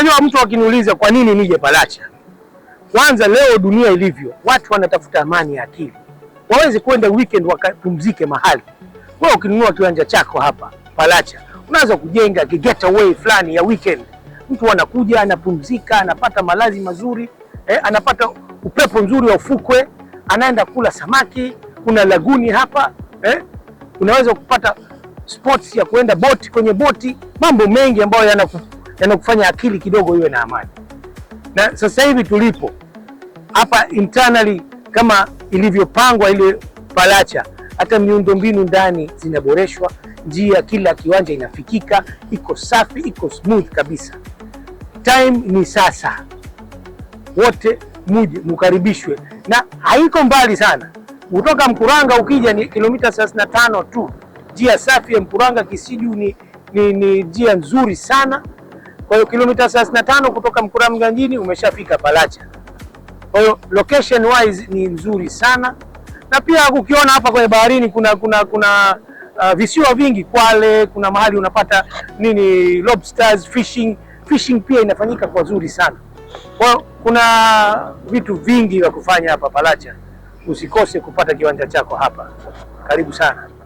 Unajua, mtu akiniuliza kwa nini nije Palacha, kwanza leo dunia ilivyo, watu wanatafuta amani ya akili, waweze kwenda weekend wakapumzike mahali. Wewe ukinunua kiwanja chako hapa Palacha, unaweza kujenga getaway fulani ya weekend, mtu anakuja anapumzika, anapata malazi mazuri eh, anapata upepo mzuri wa ufukwe, anaenda kula samaki, kuna laguni hapa eh, unaweza kupata spots ya kuenda boti, kwenye boti, mambo mengi ambayo yanaku na yaani kufanya akili kidogo iwe na amani. Na sasa hivi tulipo hapa internally, kama ilivyopangwa ile Palacha, hata miundombinu ndani zinaboreshwa, njia kila kiwanja inafikika, iko safi, iko smooth kabisa. Time ni sasa, wote muje mukaribishwe, na haiko mbali sana kutoka Mkuranga. Ukija ni kilomita 35 tu, njia safi ya Mkuranga Kisiju ni, ni, ni njia nzuri sana. Kwa hiyo kilomita 35 kutoka Mkuranga mjini umeshafika Palacha. Kwa hiyo location wise ni nzuri sana, na pia ukiona hapa kwenye baharini kuna kuna kuna uh, visiwa vingi Kwale, kuna mahali unapata nini lobsters, fishing fishing pia inafanyika kwa zuri sana. Kwa hiyo kuna vitu vingi vya kufanya hapa Palacha, usikose kupata kiwanja chako hapa. Karibu sana.